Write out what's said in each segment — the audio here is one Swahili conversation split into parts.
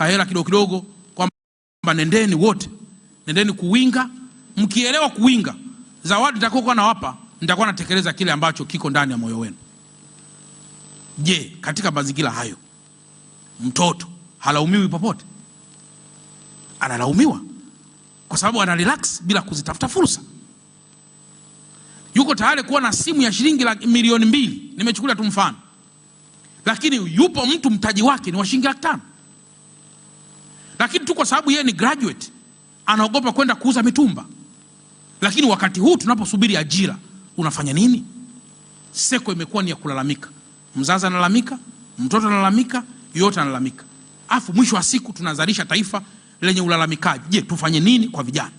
kahela kidogo kidogo, kwamba nendeni wote, nendeni kuwinga. Mkielewa kuwinga, zawadi nitakayokuwa nawapa nitakuwa natekeleza kile ambacho kiko ndani ya moyo wenu. Je, katika mazingira hayo mtoto halaumiwi popote? Analaumiwa kwa sababu ana relax bila kuzitafuta fursa. Yuko tayari kuwa na simu ya shilingi la milioni mbili, nimechukulia tu mfano, lakini yupo mtu mtaji wake ni wa shilingi laki tano lakini tu kwa sababu yeye ni graduate anaogopa kwenda kuuza mitumba. Lakini wakati huu tunaposubiri ajira unafanya nini? Seko imekuwa ni ya kulalamika, mzazi analalamika, mtoto analalamika, yote analalamika, afu mwisho wa siku tunazalisha taifa lenye ulalamikaji. Je, tufanye nini kwa vijana?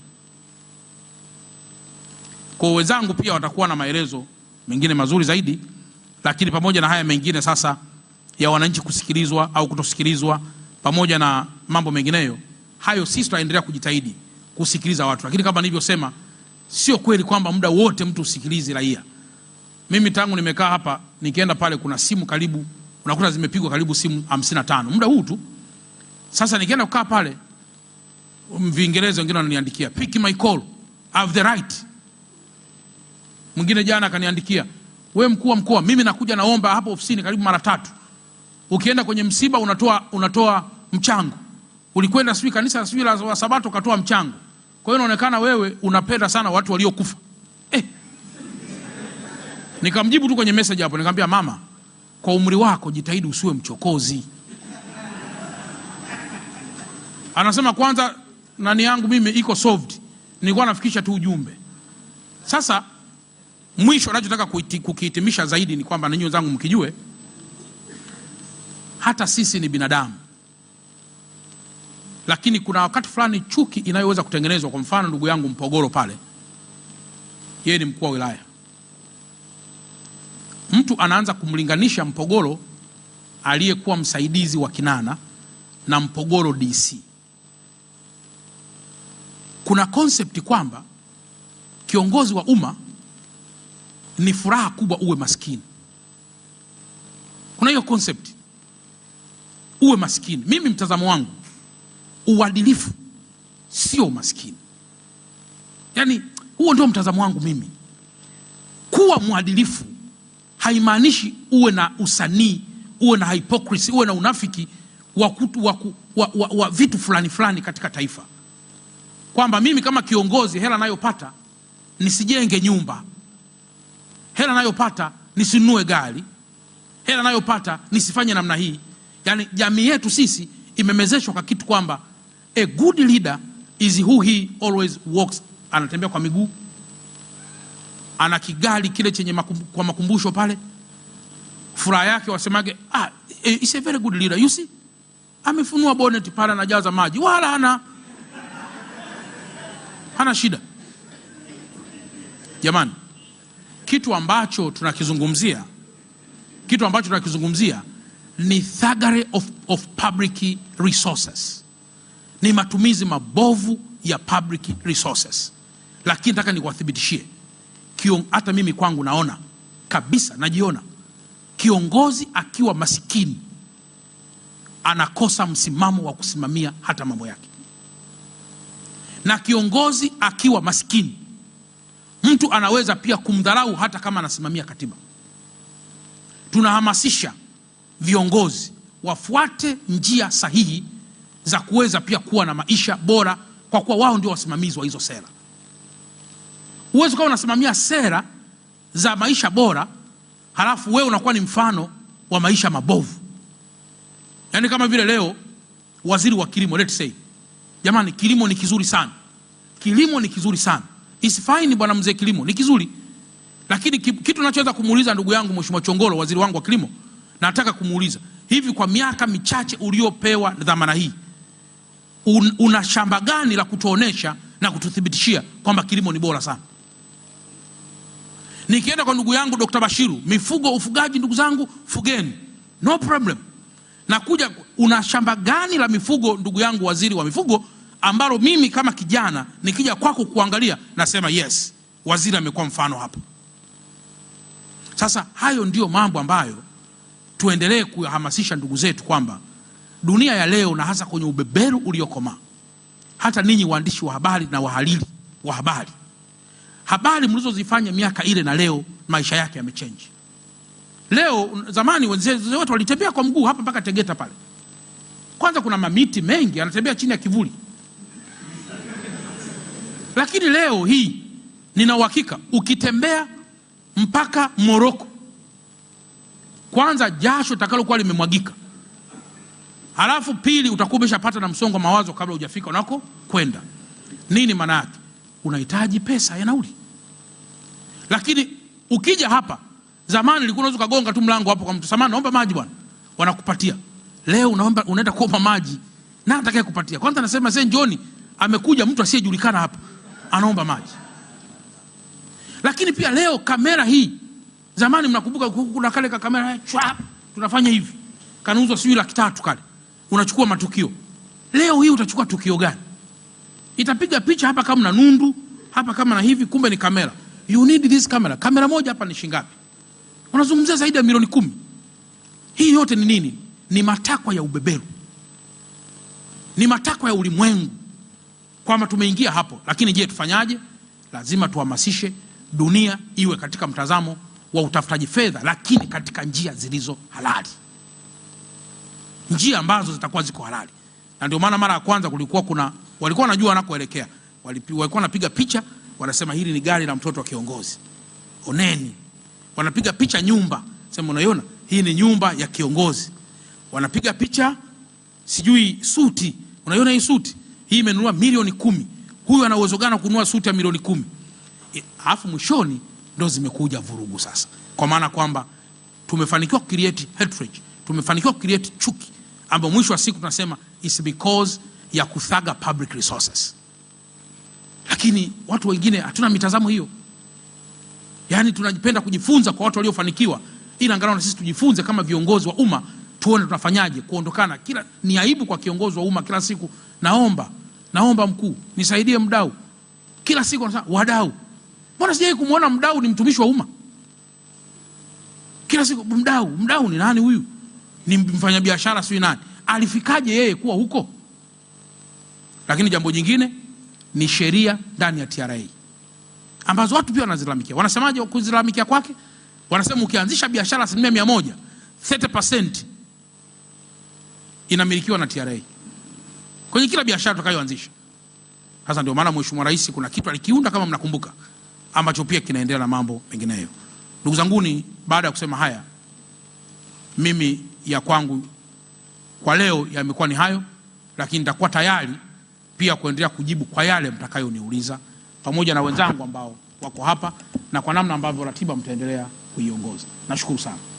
Kwa wenzangu pia watakuwa na maelezo mengine mazuri zaidi, lakini pamoja na haya mengine sasa ya wananchi kusikilizwa au kutosikilizwa pamoja na mambo mengineyo hayo, sisi tunaendelea kujitahidi kusikiliza watu, lakini kama nilivyosema, sio kweli kwamba muda wote mtu usikilizi raia. Mimi tangu nimekaa hapa nikienda pale, kuna simu karibu unakuta zimepigwa karibu simu 55 muda huu tu. Sasa nikienda kukaa pale, Mviingereza wengine wananiandikia pick my call, have the right. Mwingine jana akaniandikia, we mkuu wa mkoa, mimi nakuja naomba hapo ofisini karibu mara tatu Ukienda kwenye msiba unatoa, unatoa mchango. Ulikwenda sijui kanisa sijui la Sabato ukatoa mchango, kwa hiyo inaonekana wewe unapenda sana watu waliokufa eh. Nikamjibu tu kwenye message hapo, nikamwambia mama, kwa umri wako jitahidi usiwe mchokozi. Anasema kwanza nani yangu mimi iko solved, nilikuwa nafikisha tu ujumbe. Sasa mwisho anachotaka kukihitimisha zaidi ni kwamba ninyi wenzangu mkijue hata sisi ni binadamu, lakini kuna wakati fulani chuki inayoweza kutengenezwa. Kwa mfano, ndugu yangu Mpogoro pale, yeye ni mkuu wa wilaya, mtu anaanza kumlinganisha Mpogoro aliyekuwa msaidizi wa Kinana na Mpogoro DC. Kuna konsepti kwamba kiongozi wa umma ni furaha kubwa uwe maskini. Kuna hiyo konsepti uwe maskini. Mimi mtazamo wangu, uadilifu sio umaskini. Yaani huo ndio mtazamo wangu mimi. Kuwa mwadilifu haimaanishi uwe na usanii, uwe na hypocrisy, uwe na unafiki wakutu, waku, wa, wa, wa vitu fulani fulani katika taifa, kwamba mimi kama kiongozi hela nayopata nisijenge nyumba, hela nayopata nisinunue gari, hela nayopata nisifanye namna hii. Yani jamii yetu sisi imemezeshwa kwa kitu kwamba a good leader is who he always walks. Anatembea kwa miguu, ana kigali kile chenye makumbu, kwa makumbusho pale, furaha yake wasemage, ah, is eh, a very good leader you see, amefunua bonnet pale, anajaza maji, wala ana hana shida. Jamani, kitu ambacho tunakizungumzia kitu ambacho tunakizungumzia ni thagare of, of public resources, ni matumizi mabovu ya public resources. Lakini nataka nikuwathibitishie, hata mimi kwangu naona kabisa, najiona kiongozi akiwa masikini anakosa msimamo wa kusimamia hata mambo yake, na kiongozi akiwa masikini mtu anaweza pia kumdharau hata kama anasimamia katiba. Tunahamasisha viongozi wafuate njia sahihi za kuweza pia kuwa na maisha bora, kwa kuwa wao ndio wasimamizi wa hizo sera. Huwezi ukawa unasimamia sera za maisha bora halafu wewe unakuwa ni mfano wa maisha mabovu. Yaani kama vile leo waziri wa kilimo let's say, jamani, kilimo ni kizuri sana, kilimo ni kizuri sana, is fine bwana mzee, kilimo ni kizuri, lakini kitu nachoweza kumuuliza ndugu yangu Mheshimiwa Chongolo, waziri wangu wa kilimo nataka kumuuliza hivi, kwa miaka michache uliopewa dhamana hii un, una shamba gani la kutuonesha na kututhibitishia kwamba kilimo ni bora sana? Nikienda kwa ndugu yangu Dr. Bashiru, mifugo, ufugaji, ndugu zangu fugeni, no problem. Nakuja, una shamba gani la mifugo, ndugu yangu waziri wa mifugo, ambalo mimi kama kijana nikija kwako kuangalia nasema yes, waziri amekuwa mfano hapa. Sasa hayo ndiyo mambo ambayo tuendelee kuhamasisha ndugu zetu kwamba dunia ya leo na hasa kwenye ubeberu uliokomaa, hata ninyi waandishi wa habari na wahariri wa habari, habari mlizozifanya miaka ile na leo, maisha yake yamechange. Leo zamani wenzetu wetu walitembea kwa mguu hapa mpaka Tegeta pale, kwanza kuna mamiti mengi, anatembea chini ya kivuli. Lakini leo hii nina uhakika ukitembea mpaka Moroko kwanza jasho litakalokuwa limemwagika, halafu pili utakuwa umeshapata na msongo wa mawazo kabla hujafika unako kwenda. Nini maana yake? Unahitaji pesa ya nauli. Lakini ukija hapa, zamani ilikuwa unaweza kugonga tu mlango hapo kwa mtu, samani naomba maji bwana, wanakupatia. Leo unaomba, unaenda kuomba maji na atakaye kupatia kwanza anasema sasa, njoni, amekuja mtu asiyejulikana hapa anaomba maji. Lakini pia leo kamera hii Zamani mnakumbuka kuna kale kakamera eh, chwa tunafanya hivi, kanauzwa sijui laki tatu kale, unachukua matukio. Leo hii utachukua tukio gani? Itapiga picha hapa kama na nundu hapa kama na hivi, kumbe ni kamera. You need this camera. Kamera moja hapa ni shingapi? Unazungumzia zaidi ya milioni kumi. Hii yote ni nini? Ni matakwa ya ubeberu, ni matakwa ya ulimwengu kwamba tumeingia hapo. Lakini je, tufanyaje? Lazima tuhamasishe dunia iwe katika mtazamo wa utafutaji fedha, lakini katika njia zilizo halali, njia ambazo zitakuwa ziko halali. Na ndio maana mara ya kwanza kulikuwa kuna walikuwa wanajua wanakoelekea, walikuwa wanapiga picha, wanasema hili ni gari la mtoto wa kiongozi, oneni. Wanapiga picha nyumba, sema unaiona hii ni nyumba ya kiongozi. Wanapiga picha sijui suti, unaiona hii suti, hii imenunua milioni kumi, huyu ana uwezo gani kununua suti ya milioni kumi? E, alafu mwishoni ndo zimekuja vurugu sasa, kwa maana kwamba tumefanikiwa create hatred, tumefanikiwa create chuki ambayo mwisho wa siku tunasema is because ya kuthaga public resources, lakini watu wengine hatuna mitazamo hiyo. Yani tunajipenda kujifunza kwa watu waliofanikiwa, ila angalau na sisi tujifunze kama viongozi wa umma, tuone tunafanyaje kuondokana. Kila ni aibu kwa kiongozi wa umma kila siku, naomba naomba mkuu nisaidie, mdau kila siku anasema wadau Mbona sijai kumwona mdau ni mtumishi wa umma? Kila siku mdau, mdau ni nani huyu? Ni mfanyabiashara sio nani? Alifikaje yeye kuwa huko? Lakini jambo jingine ni sheria ndani ya TRA ambazo watu pia wanazilalamikia. Wanasemaje kuzilalamikia kwake? Wanasema ukianzisha biashara asilimia mia moja 30% inamilikiwa na TRA kwenye kila biashara tutakayoanzisha. Sasa ndio maana Mheshimiwa Rais kuna kitu alikiunda, kama mnakumbuka ambacho pia kinaendelea na mambo mengineyo. Ndugu zanguni, baada ya kusema haya, mimi ya kwangu kwa leo yamekuwa ni hayo, lakini nitakuwa tayari pia kuendelea kujibu kwa yale mtakayoniuliza pamoja na wenzangu ambao wako hapa na kwa namna ambavyo ratiba mtaendelea kuiongoza. Nashukuru sana.